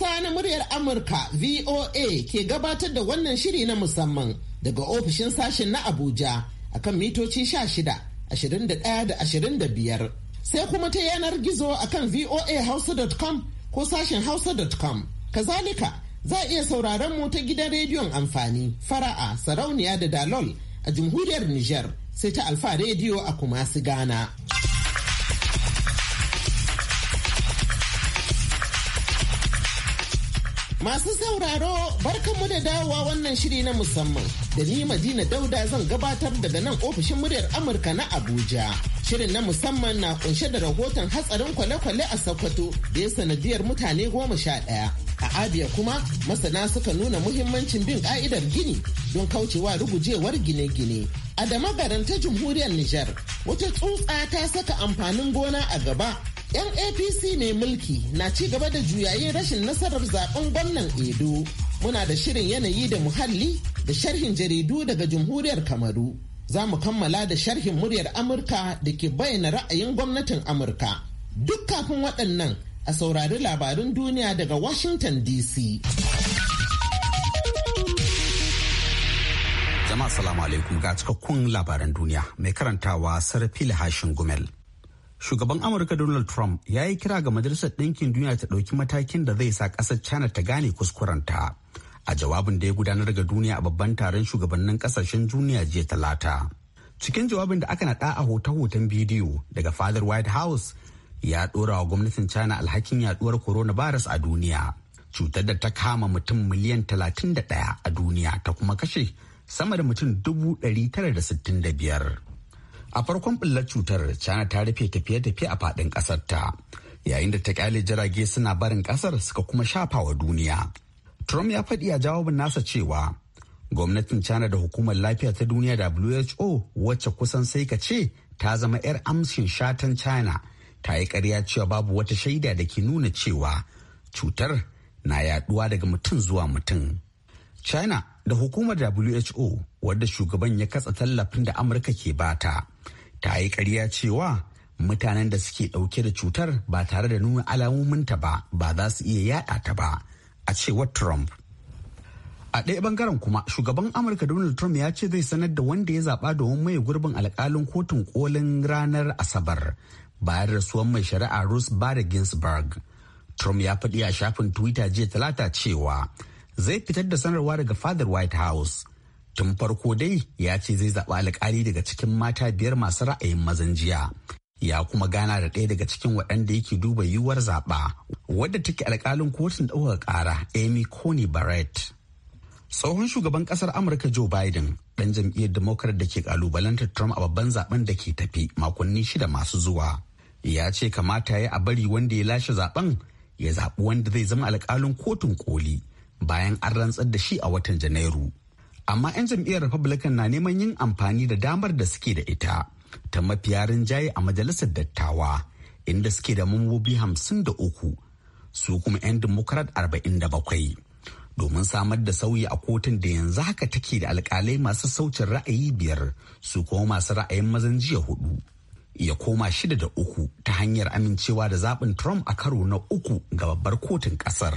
Hausa na muryar Amurka VOA ke gabatar da wannan shiri na musamman daga ofishin sashen na Abuja a akan mitoci 16, 21 da 25. Sai kuma ta yanar gizo akan voahausa.com ko sashen hausa.com. Kazalika za a iya sauraron mu ta gidan rediyon amfani fara'a sarauniya da dalol a jamhuriyar Nijar sai ta alfa rediyo a kumasi Ghana. Masu sauraro barkanmu da dawowa wannan shiri na musamman da ni Madina Dauda zan gabatar daga nan ofishin muryar Amurka na Abuja. Shirin na musamman na kunshe da rahoton hatsarin kwale-kwale a Sokoto da ya sanadiyar mutane goma sha ɗaya. A Abia kuma masana suka nuna muhimmancin bin ka'idar gini don kaucewa rugujewar gine-gine. A da magaranta jamhuriyar Nijar, wata tsutsa ta saka amfanin gona a gaba 'Yan APC mai mulki na ci gaba da juyayin rashin nasarar zaben gwamnan Edo. Muna da shirin yanayi da muhalli da sharhin jaridu daga Jamhuriyar Kamaru. Za mu kammala da sharhin muryar Amurka da ke bayyana ra'ayin gwamnatin Amurka. Duk kafin waɗannan a saurari labarin duniya daga Washington DC. Jama'a salamu alaikum ga cikakkun labaran duniya mai karantawa Sarfil Hashin Gumel. Shugaban Amurka Donald Trump ya yi kira ga Majalisar Ɗinkin Duniya ta ɗauki matakin da zai sa ƙasar China ta gane kuskurenta. A jawabin da ya gudanar ga duniya a babban taron shugabannin ƙasashen duniya jiya talata. Cikin jawabin da aka naɗa a hoton bidiyo daga fadar White House ya ɗora wa gwamnatin China alhakin yaɗuwar coronavirus a duniya. Cutar da ta kama mutum miliyan talatin da 31 a duniya ta kuma kashe sama da mutum dubu tara da da sittin biyar. a farkon bullar cutar china ta rufe tafiye-tafiye a faɗin ƙasar ta yayin da ta kyale jirage suna barin ƙasar suka kuma shafa wa duniya trump ya faɗi a jawabin nasa cewa gwamnatin china da hukumar lafiya ta duniya who wacce kusan sai ka ce ta zama 'yar amshin shatan china ta yi karya cewa babu wata shaida da ke nuna cewa cutar na yaduwa daga mutum zuwa mutum china da hukumar who wadda shugaban ya katsa tallafin da amurka ke bata ta yi ƙarya cewa mutanen da suke ɗauke da cutar ba tare da nuna alamominta ba ba za su iya yaɗa ta ba a cewar trump a ɗaya ɓangaren kuma shugaban amurka donald trump ya ce zai sanar da wanda ya zaɓa domin maye gurbin alkalin kotun kolin ranar asabar bayan rasuwan mai shari'a ruth bader ginsburg trump ya faɗi a shafin twitter jiya talata cewa zai fitar da sanarwa daga fadar white house Tun farko dai ya ce zai zaɓi alƙali daga cikin mata biyar masu ra'ayin mazan jiya. Ya kuma gana da ɗaya daga cikin waɗanda yake duba yiwuwar zaɓa, wadda take alƙalin kotun ɗauka ƙara Amy Coney Barrett. Tsohon shugaban ƙasar Amurka Joe Biden, ɗan jam'iyyar Democrat da ke ƙalubalantar Trump a babban zaɓen da ke tafi makonni shida masu zuwa. Ya ce kamata ya a bari wanda ya lashe zaɓen ya zaɓi wanda zai zama alƙalin kotun koli bayan an rantsar da shi a watan Janairu. amma 'yan jam'iyyar republican na neman yin amfani da damar da suke da ita ta mafiya rinjaye a majalisar dattawa inda suke da mambobi hamsin da uku su kuma 'yan democrat arba'in da bakwai domin samar da sauyi a kotun da yanzu haka take da alkalai masu saucin ra'ayi biyar su kuma masu ra'ayin mazan jiya hudu ya koma shida da uku ta hanyar amincewa da zaɓin trump a karo na uku ga babbar kotun ƙasar.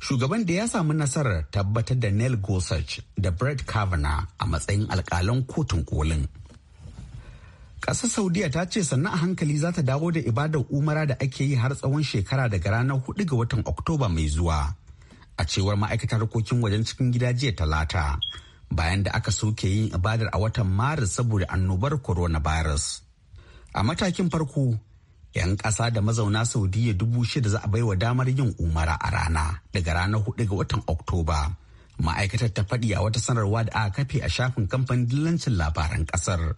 shugaban da ya samu nasarar tabbatar da neil gorsuch da brett kavanaugh a matsayin alkalan kotun kolin ƙasar saudiya ta ce sannan a hankali za ta dawo da ibadar umara da ake yi har tsawon shekara daga ranar 4 ga watan oktoba mai zuwa a cewar ma'aikatar harkokin wajen cikin gida jiya talata bayan da aka soke yin ibadar a watan maris saboda annobar coronavirus. a matakin farko 'yan ƙasa da mazauna saudiya dubu shida za a baiwa damar yin umara a rana daga ranar hudu ga watan oktoba ma'aikatar ta faɗi a wata sanarwa da aka kafe a shafin kamfanin dillancin labaran ƙasar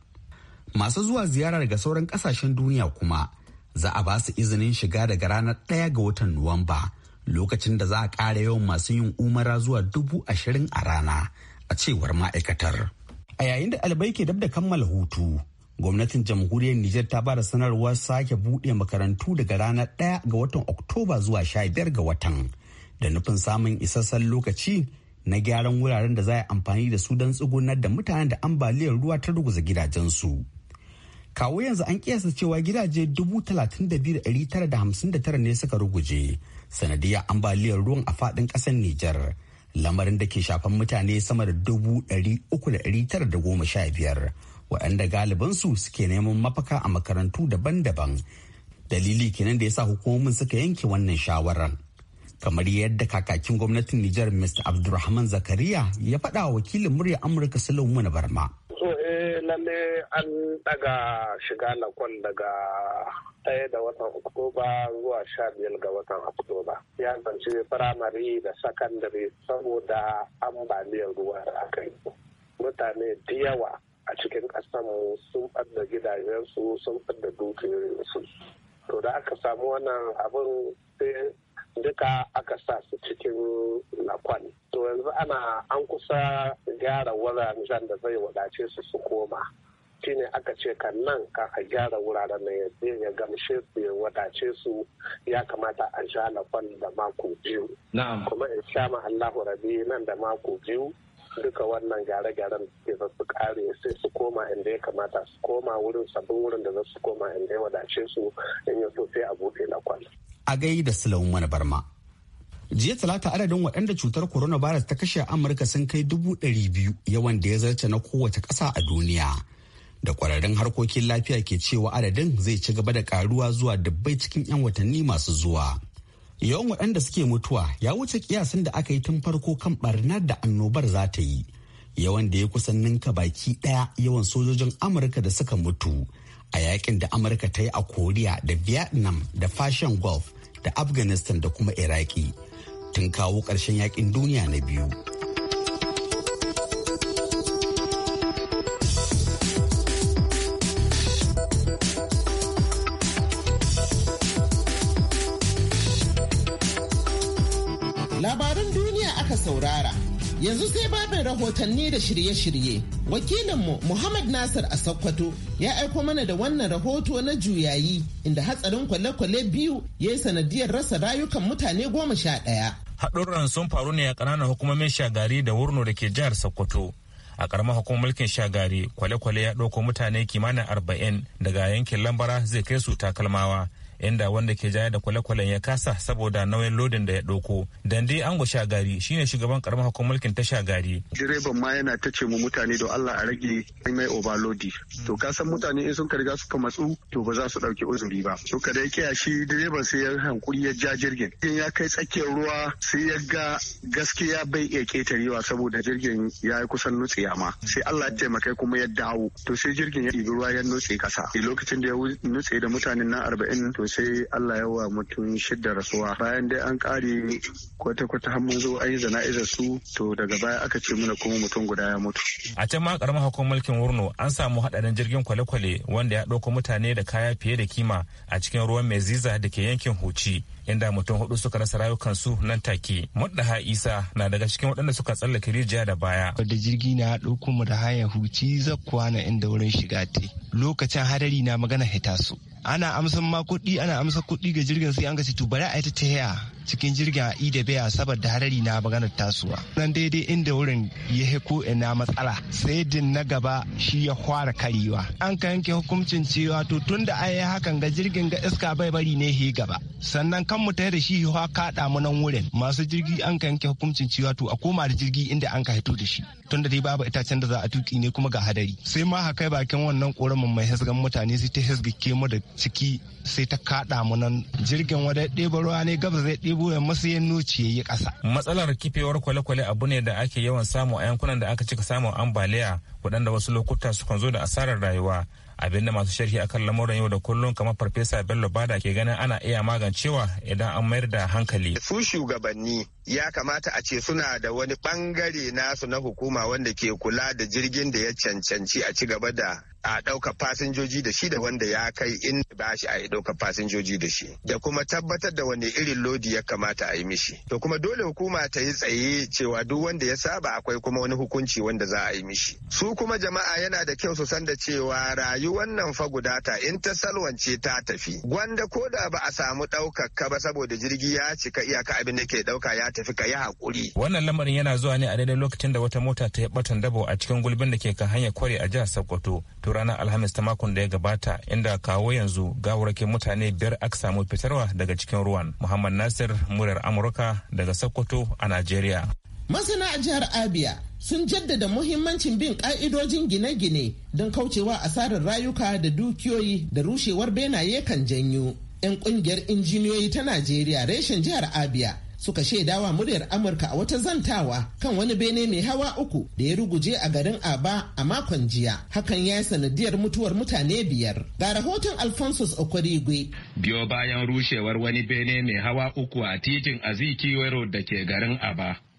masu zuwa ziyara daga sauran ƙasashen duniya kuma za a ba su izinin shiga daga ranar ɗaya ga watan nuwamba lokacin da za a ƙara yawan masu yin umara zuwa dubu ashirin a rana a cewar ma'aikatar a yayin da albai ke dab da kammala hutu gwamnatin jamhuriyar nijar ta bada da sanarwar sake buɗe makarantu daga ranar 1 ga watan oktoba zuwa 15 ga watan da nufin samun isassan lokaci na gyaran wuraren da za a amfani da su don tsugunar da mutanen da ambaliyar ruwa ta ruguza gidajensu kawo yanzu an kiyasta cewa gidaje 32,959 ne suka ruguje sanadiyar ambaliyar ruwan a faɗin ƙasar nijar lamarin da ke shafan mutane sama da biyar waɗanda galibinsu suke neman mafaka a makarantu daban-daban dalili kenan da ya sa hukumomin suka yanke wannan shawarar kamar yadda kakakin gwamnatin Nijar Mr. Abdulrahman Zakariya ya faɗa wakilin murya Amurka Sulaiman Barma. So eh lalle an daga shiga na lakon daga ɗaya da watan Oktoba zuwa sha biyar ga watan Oktoba. Ya zanci firamare da sakandare saboda ambaliyar ruwa da aka yi. Mutane da yawa a cikin mu sun ɓadda gidajensu sun ɓadda dukiyoyinsu to da aka samu wannan abun sai duka aka sa su cikin lakwan to yanzu ana an kusa gyara wuraren da zai wadace su su koma shine aka ce kan nan ka a gyara wuraren na ya gamshe su ya wadace su ya kamata a sha lakwan da mako biyu kuma in sha ma Allahu rabi nan da mako biyu duka wannan gyare-gyaren da za su kare sai su koma inda ya kamata su koma wurin sabbin wurin da za su koma inda ya wadace su in ya so sai a buɗe lakwal. A gai da Sulaiman Barma. Jiya talata adadin waɗanda cutar coronavirus ta kashe a Amurka sun kai dubu ɗari biyu yawan da ya zarce na kowace ƙasa a duniya. Da ƙwararrun harkokin lafiya ke cewa adadin zai ci gaba da ƙaruwa zuwa dubbai cikin 'yan watanni masu zuwa. yawan waɗanda suke mutuwa ya wuce kiyasin da aka yi tun farko kan barnar da annobar za ta yi yawan da ya kusan ninka baki ɗaya yawan sojojin amurka da suka mutu a yakin da amurka ta yi a koriya da vietnam da fashion gulf da afghanistan da kuma iraki tun kawo ƙarshen yakin duniya na biyu saurara. Yanzu sai babin rahotanni da shirye-shirye. Wakilinmu Muhammad Nasir a Sokoto ya aiko mana da wannan rahoto na juyayi inda hatsarin kwale-kwale biyu ya yi sanadiyar rasa rayukan mutane goma sha ɗaya. Haɗurran sun faru ne a ƙananan hukumomin shagari da wurno da ke jihar Sokoto. a karamar hukumar mulkin shagari kwale-kwale ya ɗauko mutane kimanin arba'in daga yankin lambara zai kai su takalmawa inda wanda ke jaya da kwale-kwalen ya kasa saboda nauyin lodin da ya ɗauko. Dande Ango Shagari shine shugaban karamar hukumar mulkin ta Shagari. Direban ma yana ta ce mu mutane don Allah a rage mai overloadi. To ka san mutane in sun ka suka matsu to ba za su ɗauki uzuri ba. To ka dai kiya shi direban sai ya hankuri ya ja jirgin. Jirgin ya kai tsakiyar ruwa sai ya ga gaskiya bai iya ketarewa saboda jirgin ya yi kusan nutsiya ma. Sai Allah ya taimaka kuma ya dawo. To sai jirgin ya ɗibi ruwa ya nutse kasa. Lokacin da ya nutse da mutanen nan arba'in sai Allah ya wa mutum shidda rasuwa bayan dai an kare kwata-kwata har mun zo ayi zana'izar su to daga baya aka ce mana kuma mutum guda ya mutu. A can ma karamar hukumar mulkin Wurno an samu haɗarin jirgin kwale-kwale wanda ya ɗauko mutane da kaya fiye da kima a cikin ruwan mai ziza da ke yankin Huci. inda mutum hudu suka rasa rayukansu nan take. Muddaha Isa na daga cikin waɗanda suka tsallake rijiya da baya. Da jirgi na ya ɗauko mu da haya huci zakwana inda wurin shiga te. Lokacin hadari na magana hita su. ana amsan ma kuɗi ana amsa kuɗi ga jirgin sai an ga to bari a yi ta tahiya cikin jirgin a da baya saboda harari na maganar tasowa nan daidai inda wurin ya heko ina matsala sai din na gaba shi ya fara karewa an ka yanke hukuncin cewa to tun da ayi hakan ga jirgin ga iska bai bari ne he gaba sannan kan mu da shi ya kaɗa mu nan wurin masu jirgi an ka yanke hukuncin cewa to a koma da jirgi inda an ka hito da shi tun da dai babu itacen da za a tuki ne kuma ga hadari sai ma haka bakin wannan koramin mai hasgan mutane su ta hasgake mu da ciki sai ta kaɗa mu nan jirgin wadai ɗebo ruwa ne gaba zai ɗebo ya masu yin nuci ya yi ƙasa. Matsalar kifewar kwale-kwale abu ne da ake yawan samu a yankunan da aka cika samun ambaliya waɗanda wasu lokuta sukan zo da asarar rayuwa. abin da masu sharhi akan lamuran yau da kullum kamar farfesa bello bada ke ganin ana iya magancewa idan an mayar da hankali su shugabanni ya kamata a ce suna da wani bangare nasu na hukuma wanda ke kula da jirgin da ya cancanci a ci gaba da a ɗaukar fasinjoji da shi da wanda ya kai in ba shi a ɗaukar fasinjoji da shi da kuma tabbatar da wani irin lodi ya kamata a yi mishi to kuma dole hukuma ta yi tsaye cewa duk wanda ya saba akwai kuma wani hukunci wanda za a yi mishi su kuma jama'a yana da kyau su san da cewa rayuwar nan fa guda ta in ta salwance ta tafi gwanda ko da ba a samu ɗaukar ka ba saboda jirgi ya cika iyaka abin da ke ɗauka ya tafi ka yi haƙuri wannan lamarin yana zuwa ne a daidai lokacin da wata mota ta yi batan dabo a cikin gulbin da ke kan hanyar kware a jihar sokoto to ranar alhamis ta makon da ya gabata inda kawo yanzu gawarkin mutane biyar aka samu fitarwa daga cikin ruwan muhammad nasir muryar amurka daga sokoto a najeriya masana a jihar abia sun jaddada muhimmancin bin ka'idojin gine-gine don kaucewa asarar rayuka da dukiyoyi da rushewar benaye kan janyo 'yan kungiyar injiniyoyi ta najeriya reshen jihar abia suka shaida wa muryar Amurka a wata zantawa kan wani bene mai hawa uku da ya ruguje a garin Aba a makon jiya. Hakan ya yi sanadiyar mutuwar mutane biyar. Ga rahoton Alphonsus Okorigwe. Biyo bayan rushewar wani bene mai hawa uku a titin Azikiwe Road da ke garin Aba.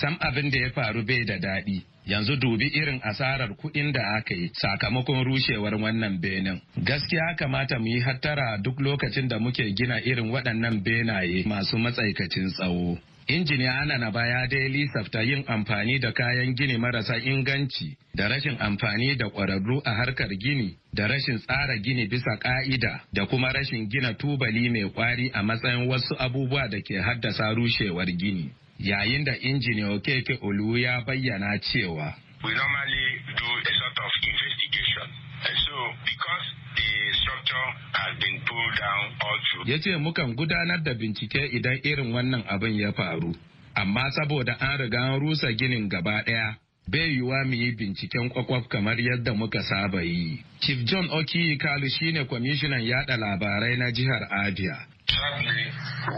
sam abin da ya faru bai da daɗi. Yanzu dubi irin asarar kuɗin da aka yi sakamakon rushewar wannan benin. Gaskiya kamata mu yi hattara duk lokacin da muke gina irin waɗannan benaye masu matsaikacin tsawo. Injiniya ana na baya dai lissafta yin amfani da kayan gini marasa inganci da rashin amfani da ƙwararru a harkar gini da rashin tsara gini bisa ƙa'ida da kuma rashin gina tubali mai kwari a matsayin wasu abubuwa da ke haddasa rushewar gini. yayin da injini okeke olu ya bayyana cewa we normally do a sort of investigation uh, so because the structure has been pulled down all through ya ce mukan gudanar da bincike idan irin wannan abin ya faru amma saboda an riga an rusa ginin gaba ɗaya bai yiwuwa mu yi binciken kwakwaf kamar yadda muka saba yi. Chief John Okiyi Kalu shine kwamishinan yada labarai na jihar Abia. Sadly,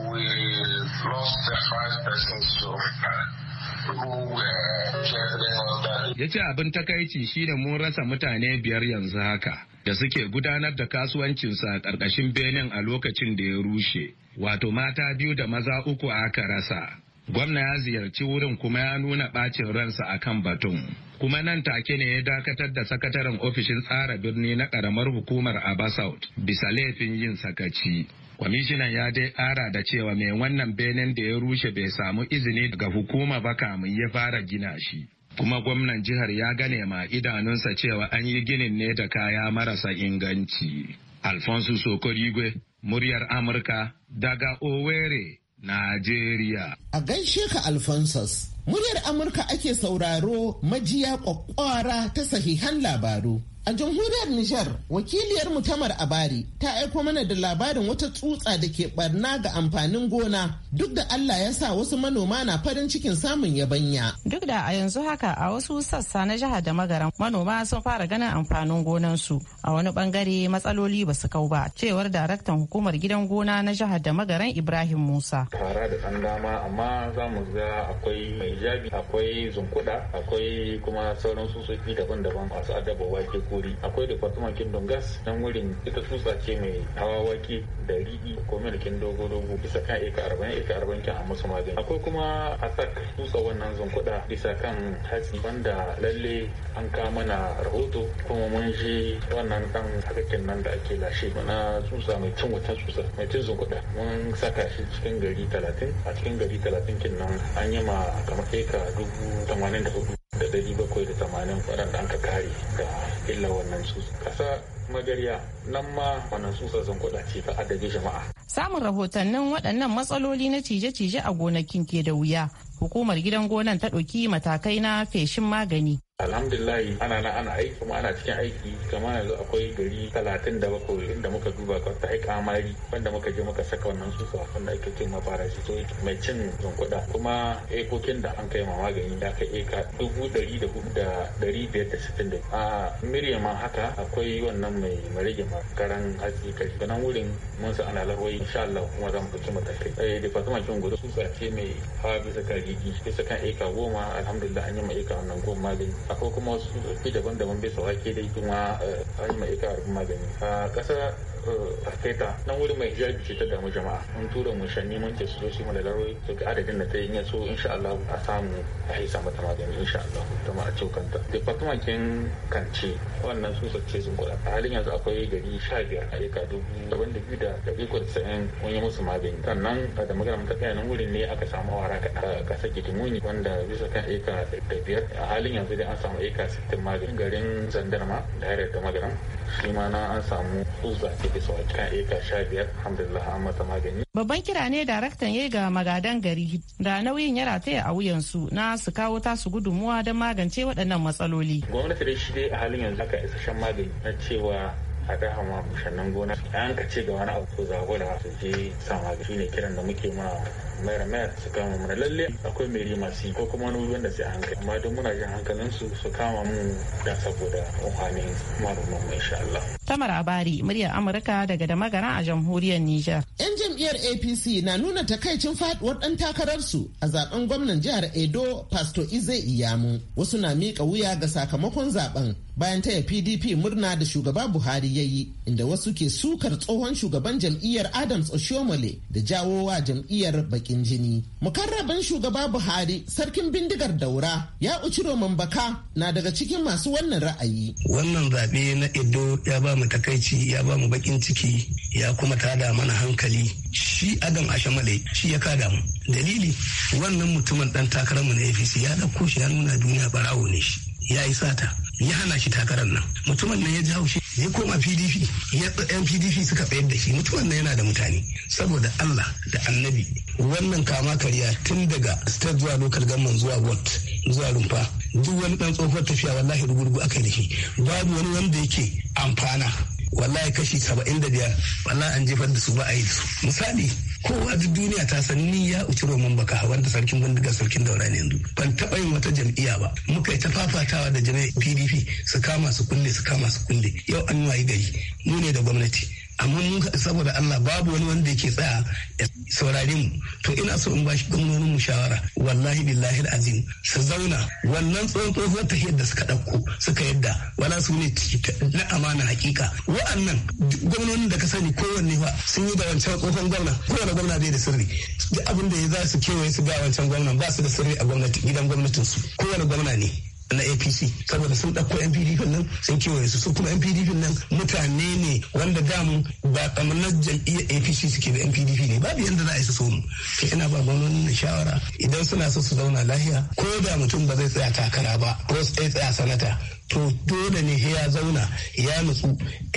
we lost the five persons so uh, far. Ya ce abin takaici shine mun rasa mutane biyar yanzu haka da suke gudanar da kasuwancinsu a ƙarƙashin benin a lokacin da ya rushe, wato mata biyu da maza uku aka rasa. Gwamna ya ziyarci wurin kuma ya nuna ɓacin ransa a kan batun. Kuma nan take ne ya dakatar da sakataren ofishin tsara birni na ƙaramar hukumar Aba bisa laifin yin sakaci. Kwamishinan ya dai ƙara da cewa mai wannan benen da ya rushe bai samu izini daga hukuma ba kamun ya fara gina shi. Kuma gwamnan jihar ya gane ma idanunsa cewa an yi ginin ne da kaya marasa inganci. Alfonso Sokorigwe, muryar Amurka, daga Owerri, Najeriya. A gaishe ka Alphonsus, muryar Amurka ake sauraro majiya kwakwara ta sahihan labaru. A jamhuriyar Nijar, wakiliyar mutamar Abari ta aiko mana da labarin wata tsutsa da ke barna ga amfanin gona duk da Allah ya sa wasu manoma na farin cikin samun yabanya. Duk da a yanzu haka a wasu sassa na jihar da magaran manoma sun fara ganin amfanin gonansu a wani bangare matsaloli ba su kau ba cewar daraktan hukumar gidan gona na jihar da magaran Ibrahim Musa. Fara da ɗan dama amma za mu ga akwai mai jabi akwai zunkuda akwai kuma sauran tsutsotsi daban-daban masu adaba wake ko wuri akwai department kingdom gas nan wurin ita tsutsa ce mai hawa wake da rigi ko milkin dogo dogo bisa kan eka arba'in eka arba'in kin amma su magani akwai kuma asak tsutsa wannan zunkuda bisa kan hatsi wanda lalle an kama mana rahoto kuma mun ji wannan dan hakakin nan da ake lashe na tsutsa mai cin wata tsutsa mai cin zunkuda mun saka shi cikin gari talatin a cikin gari talatin kin nan an yi ma kamar eka dubu tamanin da hudu da dari bakwai da tamanin waɗanda an ka kare da illa wannan tsutsa ƙasa magariya nan ma wannan tsutsa zankwada ce ta adadin jama'a samun rahotannin waɗannan matsaloli na cije-cije a gonakin ke da wuya hukumar gidan gonan ta ɗauki matakai na feshin magani alhamdulillahi ana na ana aiki kuma ana cikin aiki kamar yanzu akwai gari talatin da bakwai inda muka duba ka ta aika amari wanda muka je muka saka wannan su sa da ake cin mafarasito mai cin zunkuda kuma ekokin da an kai ma magani da aka eka dubu dari da hudu da dari biyar da sittin da a ma haka akwai wannan mai marige makaran hatsi kai da nan wurin mun sa ana larwai insha Allah kuma za mu mata kai eh department kin gudu su ce mai fa bisa kan rigi bisa kan eka goma alhamdulillah an yi ma eka wannan goma magani akwai kuma wasu tsoki daban-daban bisa wake dai kuma eh, an yi mai ita magani a ƙasa eh, afeta nan wuri mai hijabi ce ta damu jama'a mun tura mu shanni mun ce su zo su mana to ga adadin da ta yi in so insha Allah a samu a haisa mata magani insha Allah ta ma a ce kanta department kin kance wannan su ce sun kula a halin yanzu akwai gari 15 a eka dubu daban da biyu da dari ko sa'in mun yi musu magani sannan da magana mun tafiya nan wurin ne aka samu awara ka sake timoni wanda bisa kan eka da biyar a halin yanzu dai an samu eka sittin magani garin zandarma da harar da magana shi ma na an samu tsuza ke bisa a cikin eka 15 alhamdulillah an mata magani. Babban kira ne daraktan ya ga magadan gari da nauyin ya rataya a wuyansu na su kawo tasu gudunmuwa don magance waɗannan matsaloli. Gwamnati da shi dai a halin yanzu aka isasshen magani na cewa a da ma bushannan gona an ka ce ga wani abu ko zabura su je sama shi ne kiran da muke ma mayar mayar su kama mana lalle akwai meri masu ko kuma wani wanda sai hankali amma don muna jin hankalin su su kama mu da saboda amfanin malaman mai insha Allah. Tamar Abari muryar Amurka daga da magana a jamhuriyar Nijar. Yan jam'iyyar APC na nuna takaicin faɗuwar ɗan takararsu a zaben gwamnan jihar Edo Pastor Ize Iyamu wasu na miƙa wuya ga sakamakon zaben bayan taya PDP murna da shugaba Buhari yayi inda wasu ke sukar tsohon shugaban jam'iyyar Adams Oshiomole da jawo wa jam'iyyar bakin jini. Mukarraban shugaba Buhari sarkin bindigar daura ya uciro mambaka na daga cikin masu wannan ra'ayi. Wannan zaɓe na Edo ya ba mu takaici ya ba mu bakin ciki ya kuma tada mana hankali shi Adam Ashamale shi ya kada mu. Dalili wannan mutumin dan takararmu na APC ya da shi ya nuna duniya barawo ne shi. ya yi sata ya hana shi takarar nan mutumin nan ya ji haushi ya koma pdp yan pdp suka tsayar da shi mutumin na yana da mutane saboda allah da annabi wannan kama karya tun daga state zuwa local government zuwa ward zuwa rumfa duk wani dan tsohuwar tafiya wallahi rugurgu aka da shi babu wani wanda yake amfana wallahi kashi saba'in da biyar wallahi an jefar da su ba a yi su misali kowa duk duniya ta san ni ya uci roman baka wanda sarkin bindiga sarkin daura ne yanzu ban taɓa yin wata jam'iyya ba muka yi ta fafatawa da jami'ai pdp su kama su kulle su kama su kulle yau an wayi gari mu ne da gwamnati amma mun saboda Allah babu wani wanda yake tsaya ya saurare mu to ina so in bashi gwamnonin mu shawara wallahi billahi azim su zauna wannan tsohon tsohon ta yadda suka ɗauko suka yadda wala su ne na amana hakika wa'annan gwamnonin da ka sani kowanne fa sun yi da wancan tsohon gwamna kowane gwamna bai da sirri duk abin da ya za su kewaye su ga wancan gwamnan ba su da sirri a gwamnati gidan gwamnatin su kowane gwamna ne na apc saboda sun ɗauko yan pdp nan sun kewaye su su kuma yan pdp nan mutane ne wanda damu ba kamar jam'iyyar apc suke da yan pdp ne babu yanda za a yi su so mu ina ba gwamnoni na shawara idan suna so su zauna lahiya ko da mutum ba zai tsaya takara ba ko zai tsaya sanata to dole ne ya zauna ya nutsu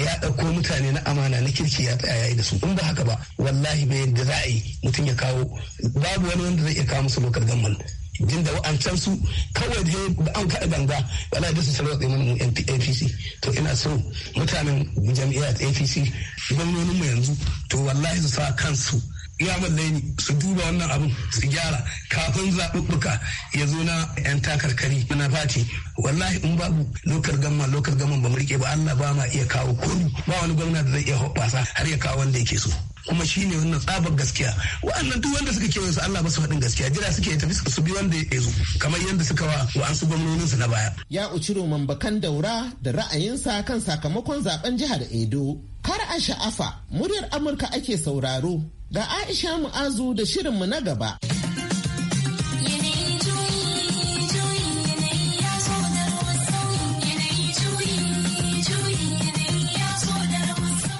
ya ɗauko mutane na amana na kirki ya tsaya yayi da su in ba haka ba wallahi bai yadda za a yi mutum ya kawo babu wani wanda zai iya kawo musu lokar gammal jin da wa'ancan su kawai da an kaɗa ganga wala da su sarrafa mana apc to ina so mutanen jam'iyyar apc gwamnonin mu yanzu to wallahi su sa kansu ya mallai su duba wannan abin su gyara kafin zaɓuɓɓuka ya zo na 'yan takarkari na fati wallahi in babu lokar gamma lokar gamma ba mu rike ba allah ba ma iya kawo komi ba wani gwamna da zai iya hoɓɓasa har ya kawo wanda yake so kuma shine wannan tsabar gaskiya wa'annan duk wanda suka kewaye su Allah ba su faɗin gaskiya jira suke tafi su bi wanda ya zo kamar yadda suka wa wa'ansu gwamnonin su na baya ya uciro mambakan daura da ra'ayinsa kan sakamakon zaben jihar Edo kar a sha'afa muryar Amurka ake sauraro ga Aisha Mu'azu da shirin shirinmu na gaba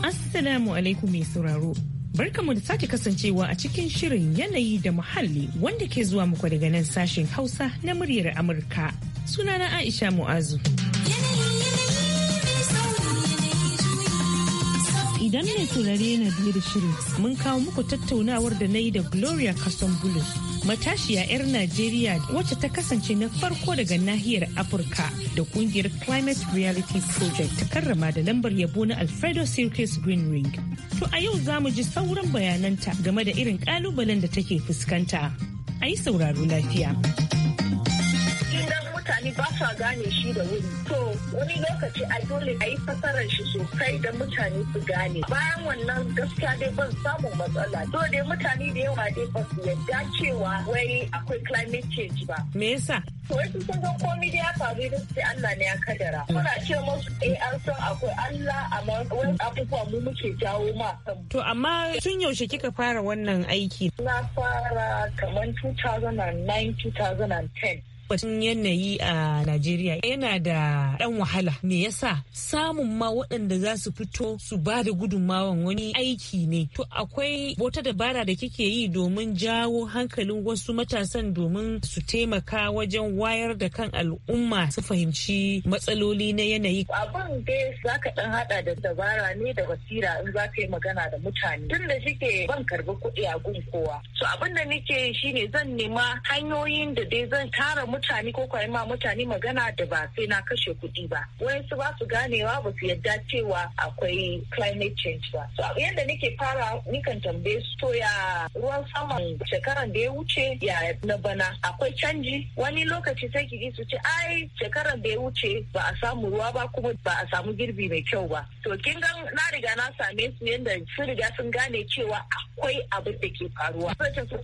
Assalamu alaikum mai sauraro. Barkamu da sake kasancewa a cikin shirin yanayi da muhalli wanda ke zuwa muku daga nan sashen Hausa na muryar Amurka. Sunana Aisha Mu'azu. Idan mai turare na biyu da shirin mun kawo muku tattaunawar da na yi da Gloria Kasson Bulus matashiya 'yar Najeriya wacce ta kasance na farko daga nahiyar Afirka da kungiyar Climate Reality Project ta karrama da lambar yabo na Alfredo Circus Green Ring. To a yau za mu ji sauran bayananta game da irin kalubalen da take fuskanta. A yi sauraro lafiya. sa gane shi da wuri to wani lokaci a dole a yi fasarar shi sosai da mutane su gane bayan wannan gaskiya dai ban samun matsala to dai mutane da yawa dai ba su yarda cewa wai akwai climate change ba me yasa to wai sun san komai da ya faru da sai Allah ne ya kadara muna ce musu eh an san akwai Allah amma wani abubuwa mu muke jawo ma to amma tun yaushe kika fara wannan aiki na fara kamar 2009 2010 tabbacin yanayi a Najeriya yana da ɗan wahala. Me yasa samun ma waɗanda za su fito su ba da gudunmawan wani aiki ne. To akwai wata dabara da kike yi domin jawo hankalin wasu matasan domin su taimaka wajen wayar da kan al'umma su fahimci matsaloli na yanayi. Abin dai za ka ɗan haɗa da dabara ne da basira in za ka yi magana da mutane. Tun da shike ban karbi kuɗi a gun kowa. So abin da nake shine zan nema hanyoyin da dai zan tara mutane mutane ko kwayi ma mutane magana da ba sai na kashe kuɗi ba wayansu ba su ganewa ba su yadda cewa akwai climate change ba so yadda nake fara nikan tambaye su to ya ruwan sama shekaran da ya wuce ya na bana akwai canji wani lokaci sai ki su ce ai shekaran da ya wuce ba a samu ruwa ba kuma ba a samu girbi mai kyau ba to kin ga na riga na same su yadda sun riga sun gane cewa akwai abin da ke faruwa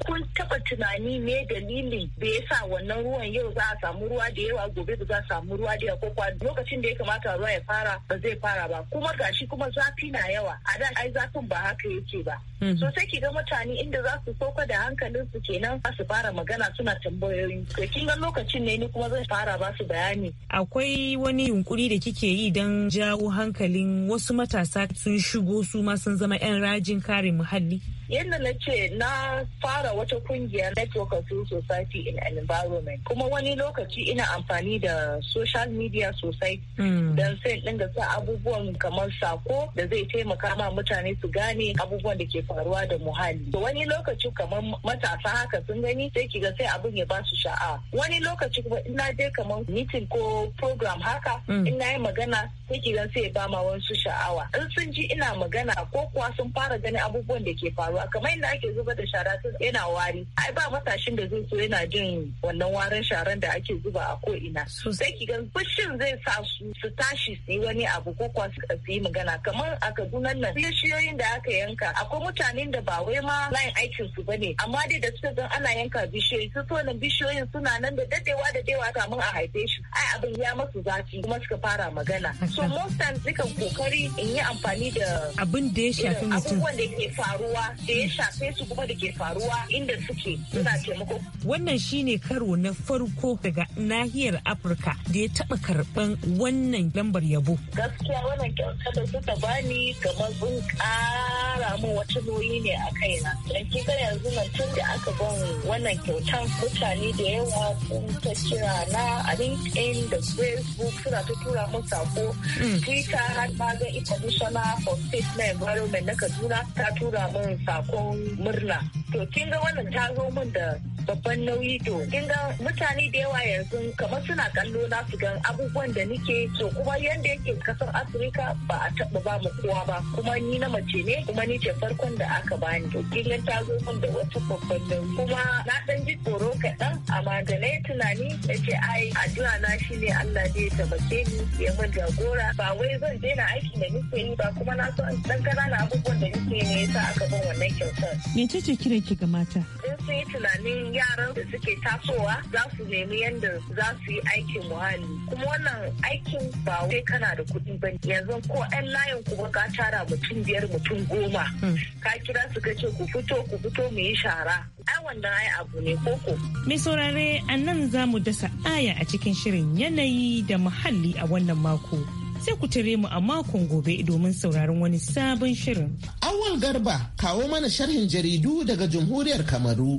kun taba tunani ne dalilin da sa wannan ruwan yau yau za a samu ruwa da yawa gobe ba za a samu ruwa da yawa ko kuwa lokacin da ya kamata ruwa ya fara ba zai fara ba kuma gashi kuma zafi na yawa a da ai zafin ba haka yake ba mhm. sosai sai ki ga mutane inda za su soka da hankalin su kenan su fara magana suna tambayoyi to kin ga lokacin ne ni kuma zan fara ba su bayani akwai wani yunkuri da kike yi don jawo hankalin wasu matasa sun shigo su ma sun zama 'yan rajin kare muhalli yadda na ce na fara wata kungiyar network of civil society in an environment kuma wani lokaci ina amfani da social media sosai hmm. don sai dinga sa abubuwan kamar sako da zai taimaka ma mutane su gane abubuwan da ke faruwa da muhalli to wani lokaci kamar matasa haka sun gani sai ki sai abin ya ba su sha'a wani lokaci kuma ina je kamar meeting ko program haka hmm. in na yi magana sai ki sai ya ba ma wasu sha'awa in sun ji ina magana ko kuwa sun fara ganin abubuwan da ke faruwa ba kamar yadda ake zuba da shara yana wari ai ba matashin da zai so yana jin wannan warin sharan da ake zuba a ko ina sai ki gan fushin zai sa su su tashi su yi wani abu ko kuwa su yi magana kamar a kadunan nan bishiyoyin da aka yanka akwai mutanen da ba wai ma layin aikin su bane amma dai da suka gan ana yanka bishiyoyi su so bishiyoyin suna nan da dadewa da dewa kamun a haife shi ai abin ya masu zafi kuma suka fara magana so most times nikan kokari in yi amfani da abin da ya shafi mutum abubuwan da ke faruwa da ya shafe su kuma da ke faruwa inda suke suna taimako. Wannan shine karo na farko daga nahiyar Afirka da ya taɓa karɓan wannan lambar yabo. Gaskiya wannan kyautar da suka bani kamar sun ƙara min wata noyi ne a kaina. Dan ga yanzu nan tun da aka ban wannan kyautar mutane da yawa sun ta kira na a LinkedIn da Facebook suna ta tura min sako. Mm. Twitter har ma ga International for State na Environment na Kaduna ta tura min sako. saƙon murna to kin ga wannan ta zo mun da babban nauyi to kin ga mutane da yawa yanzu kamar suna kallo na su gan abubuwan da nike so kuma yanda yake kasar Afirka ba a taba ba mu kowa ba kuma ni na mace ne kuma ni ce farkon da aka bani to kin ga ta zo mun da wata babban nauyi kuma na dan ji tsoro kaɗan amma da na yi tunani na ce ai addu'a na shi ne Allah zai tabbace ni ya min jagora ba wai zan daina aiki da nike yi ba kuma na so dan ƙananan abubuwan da nike ne yasa aka bin wannan kyautar. Mece ce kiran ke ga mata? Sun yi tunanin yaran da suke tasowa za su nemi yadda za su yi aikin muhalli kuma wannan aikin ba wai kana da kuɗi ba yanzu ko ɗan layin kuma ka tara mutum biyar mutum goma hmm. ka kira su ka ce ku fito ku fito mu yi shara ai wannan ai abu ne koko. mai saurare a nan za mu dasa aya a cikin shirin yanayi da muhalli a wannan mako. sai ku tare mu a makon gobe domin sauraron wani sabon shirin. Awal Garba kawo mana sharhin jaridu daga Jamhuriyar Kamaru.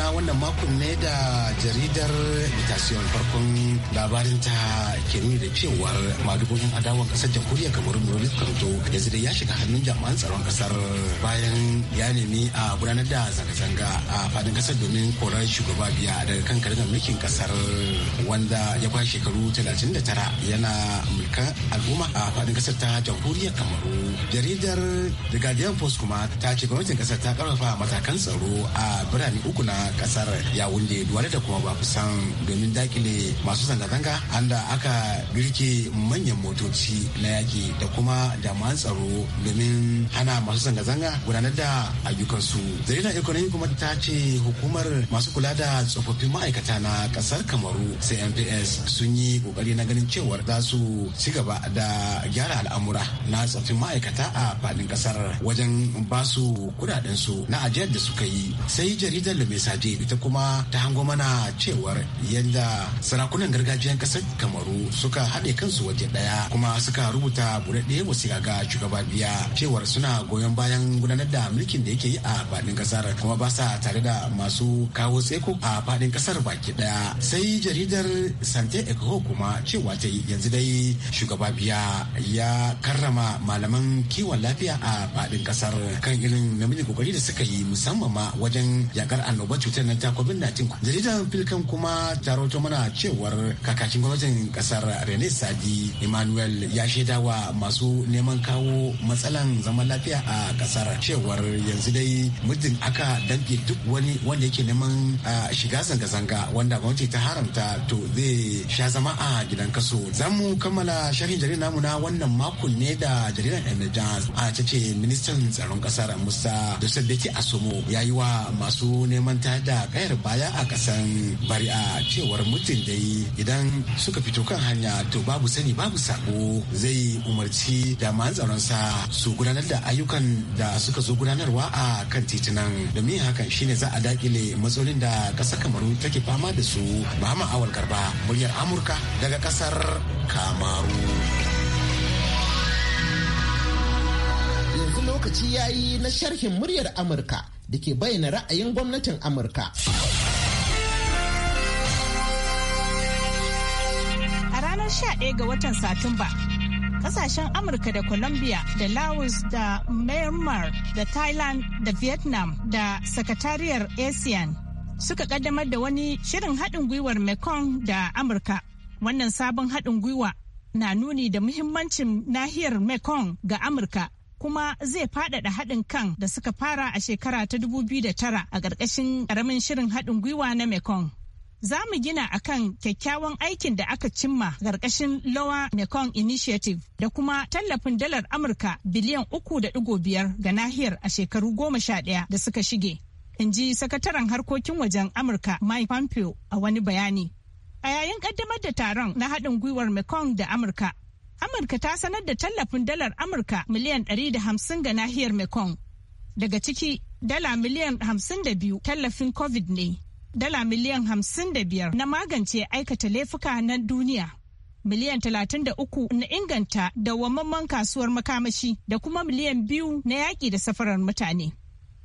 na wannan makon ne da jaridar mutation farkon labarin ta ke nuni da cewar madubobin adawan kasar jamhuriyar kamarun morris kanto yanzu da ya shiga hannun jami'an tsaron kasar bayan ya nemi a gudanar da zanga-zanga a fadin kasar domin korar shugaba biya daga kan karnar mulkin kasar wanda ya kwa shekaru 39 yana mulkan al'umma a fadin kasar ta jamhuriyar kamaru jaridar the guardian post kuma ta ce gwamnatin kasar ta karfafa matakan tsaro a birane uku na kasar wunde duwale da kuma ba kusan domin dakile masu zanga-zanga anda aka girke manyan motoci na yaki da kuma da jami'an tsaro domin hana masu zanga-zanga gudanar da ayyukansu zarina ikonomi kuma ta ce hukumar masu kula da tsofaffin ma'aikata na kasar kamaru cmps sun yi kokari na ganin cewar za su ci gaba da gyara al'amura na tsofaffin ma'aikata a faɗin kasar wajen ba su kudaden su na ajiyar da suka yi sai jaridar da mai Sade ita kuma ta hango mana cewar yadda sarakunan gargajiyan ƙasar Kamaru suka haɗe kansu waje ɗaya kuma suka rubuta buɗaɗɗe wasiƙa ga shugaba biya cewar suna goyon bayan gudanar da mulkin da yake yi a faɗin ƙasar kuma ba sa tare da masu kawo tseko a faɗin ƙasar baki ɗaya sai jaridar Sante Ekho kuma cewa ta yi yanzu dai shugaba biya ya karrama malaman kiwon lafiya a faɗin ƙasar kan irin namijin kokari da suka yi musamman ma wajen yakar annobar cutar nan ta covid-19 jaridar filkan kuma ta mana cewar kakakin gwamnatin kasar rene sadi emmanuel ya shaida wa masu neman kawo matsalan zaman lafiya a kasar cewar yanzu dai muddin aka damke duk wani wanda yake neman shiga zanga-zanga wanda gwamnati ta haramta to zai sha zama a gidan kaso zamu kammala sharhin jaridar namu na wannan makon ne da jaridar emergence a ta ce ministan tsaron kasar musa da asomo ya yi wa masu neman ta ta da kayar baya a kasan bari'a a cewar mutum dai idan suka fito kan hanya to babu sani babu sako zai umarci da tsaronsa su gudanar da ayyukan da suka zo gudanarwa a kan titunan domin hakan shine za a dakile matsalolin da ƙasar kamaru take fama da su ba ma awal garba muryar amurka daga ƙasar kamaru. lokaci ya yi na sharhin muryar Amurka da ke bayyana ra'ayin gwamnatin Amurka. A ranar 11 ga watan Satumba, kasashen Amurka da Colombia da Laos da Myanmar da Thailand da Vietnam da Sakatariyar ASEAN suka kaddamar da wani shirin haɗin gwiwar Mekong da Amurka. Wannan sabon haɗin gwiwa na nuni da muhimmancin nahiyar Mekong ga Amurka kuma zai faɗaɗa haɗin kan da suka fara a shekara ta 2009 a ƙarƙashin ƙaramin shirin haɗin gwiwa na Mekong. Za mu gina a kan kyakkyawan aikin da aka cimma ƙarƙashin Lower Mekong Initiative da kuma tallafin dalar Amurka biliyan uku da ɗigo biyar ga nahiyar a shekaru goma sha ɗaya da suka shige. In ji sakataren harkokin wajen Amurka Mike Pompeo a wani bayani. A yayin ƙaddamar da taron na haɗin gwiwar Mekong da Amurka, Amurka ta sanar da tallafin dalar Amurka miliyan 150 ga nahiyar Mekong. Daga ciki, dala miliyan 52 tallafin COVID ne, dala miliyan 55 na magance aikata laifuka na duniya. Miliyan 33 na inganta wamman kasuwar makamashi da kuma miliyan biyu na yaƙi da safarar mutane.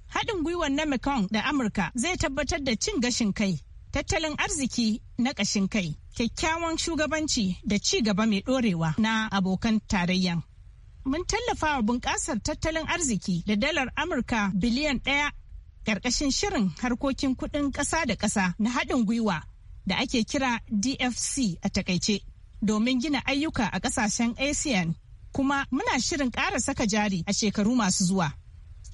Haɗin gwiwar na Mekong da Amurka zai tabbatar da cin gashin kai tattalin arziki na ƙashin kai, kyakkyawan shugabanci da ci gaba mai ɗorewa na abokan tarayyan. Mun tallafa wa bunƙasar tattalin arziki da dalar Amurka biliyan ɗaya ƙarƙashin shirin harkokin kuɗin ƙasa da ƙasa na haɗin gwiwa da ake kira DFC a takaice domin gina ayyuka a ƙasashen ASEAN kuma muna shirin ƙara saka jari a shekaru masu zuwa.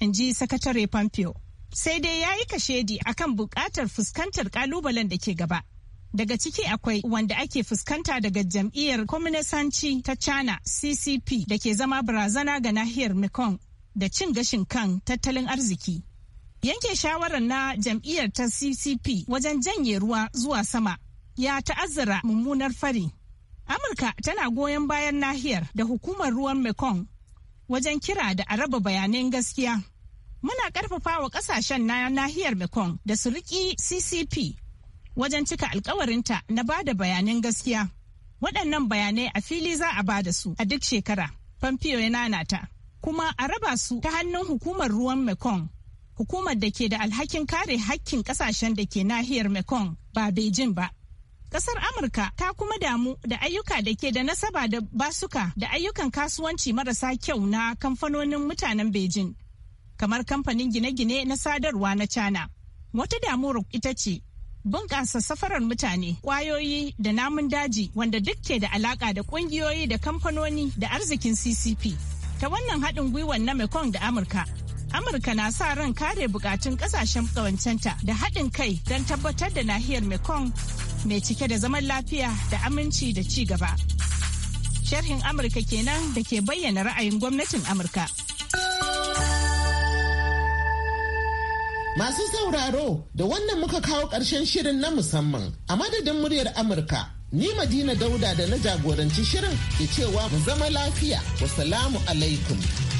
In ji Sakatare Pompeo. sai dai ya yi kashedi akan buƙatar fuskantar ƙalubalen da ke gaba. Daga ciki akwai wanda ake fuskanta daga jam'iyyar kwaminisanci ta China CCP da ke zama barazana ga nahiyar Mekong da cin gashin kan tattalin arziki. Yanke shawarar na jam'iyyar ta CCP wajen janye ruwa zuwa sama ya ta'azzara mummunar fari. Amurka tana goyon bayan nahiyar da hukumar ruwan Mekong wajen kira da araba raba bayanan gaskiya muna karfafa wa kasashen na nahiyar mekong da su riki ccp wajen cika alkawarinta na ba da bayanan gaskiya waɗannan bayanai a fili za a ba da su a duk shekara pompeo ya nanata kuma a raba su ta hannun hukumar ruwan mekong hukumar da ke da alhakin kare hakkin kasashen da ke nahiyar mekong ba beijing ba Kasar Amurka ta kuma damu da ayyuka da ke da nasaba da basuka da ayyukan kasuwanci marasa kyau na kamfanonin mutanen Beijing kamar kamfanin gine-gine na sadarwa na China. Wata damuwar ita ce bunƙasa safarar mutane ƙwayoyi da namun daji wanda duk ke da alaƙa da ƙungiyoyi da kamfanoni da arzikin ccp ta wannan haɗin gwiwar na mekong da amurka amurka na sa ran kare buƙatun ƙasashen ƙawancenta da haɗin kai don tabbatar da nahiyar mekong mai cike da zaman lafiya da aminci da ci gaba sharhin amurka kenan da ke bayyana ra'ayin gwamnatin amurka Masu sauraro da wannan muka kawo ƙarshen shirin na musamman a madadin muryar Amurka. Ni Madina Dauda da na jagoranci shirin ke cewa mu zama lafiya. Wasalamu alaikum.